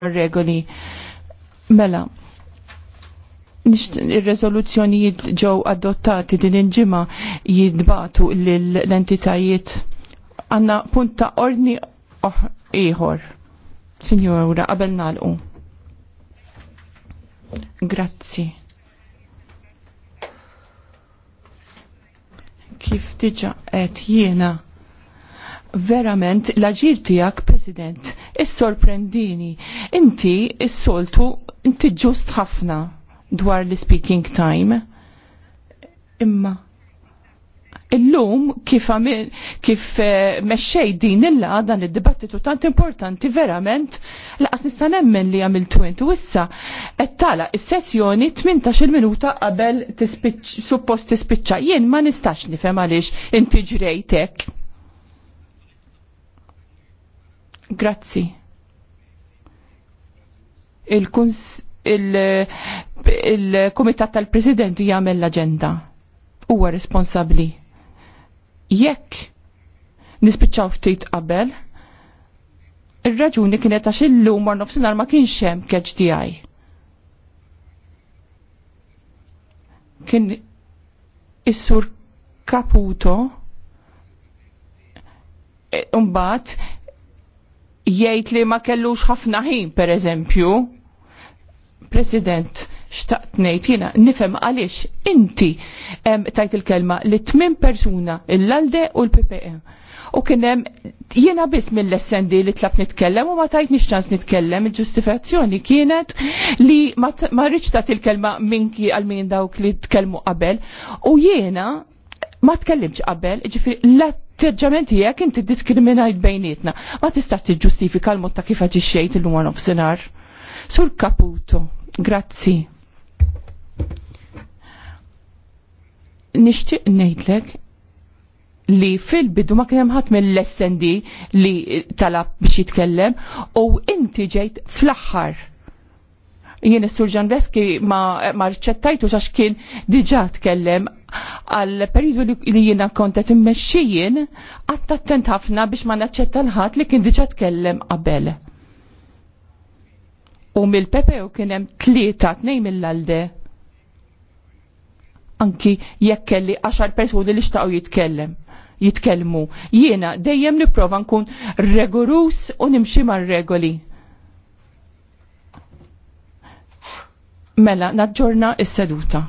regoli. Mela, il-rezoluzzjonijiet ġew adottati din il jidbatu l-entitajiet għanna punta ordni ieħor. Signora, qabel nalqu. Grazzi. Kif tiġa qed jiena verament l-aġir tiegħek, President, Is-sorprendini, inti is-soltu inti ġust ħafna dwar l-speaking time. Imma illum kif għamil, kif eh, mexxej din illa dan id-dibattitu tant importanti verament laqas nista' nemmen li għamil twint wissa qed tala is-sessjoni 18 minuta qabel suppost tispiċċa jien ma nistax nifhem għaliex inti ġrejtek. Grazzi. Il-Kumitat il tal-President jagħmel l-aġenda. Huwa responsabbli. Jekk nispiċċaw ftit qabel, ir-raġuni kienet għax illum mar nofsinhar ma kienx hemm catch tiegħi. Kien is-sur Caputo Umbat, e, jgħid li ma kellux ħafna ħin, per eżempju, President, xtaqt ngħid jiena nifhem għaliex inti tajt il-kelma li tmien persuna l-alde u l ppm U kien hemm jiena biss mill-essendi li tlab nitkellem u ma tajt ċans nitkellem, il-ġustifikazzjoni kienet li ma rridx tat il-kelma minki għal min dawk li tkellmu qabel u jiena ma tkellimx qabel, ġifri l it-terġament jek inti diskriminajt bejnietna. Ma tistax tiġġustifika l-mod ta' kif aġixxejt xejt il-lum of senar. Sur Caputo, grazzi. Nishtiq ngħidlek li fil-bidu ma kienem ħadd mill-SND li talab biex jitkellem u inti ġejt fl-aħħar. Jien is-Sur Veski ma, ma rċettajtu għax kien diġà tkellem għal periodu li jiena kontet immexxijin għatt attent ħafna biex ma naċċetta l-ħadd li kien diġà tkellem qabel. U mill-Pepe u kien hemm tlieta tnejn mill-alde. Anki jekk kelli għaxar persuni li xtaqgħu jitkellem jitkellmu. Jiena dejjem nipprova nkun regurus u nimxi mar-regoli. Mela, naġġorna is-seduta.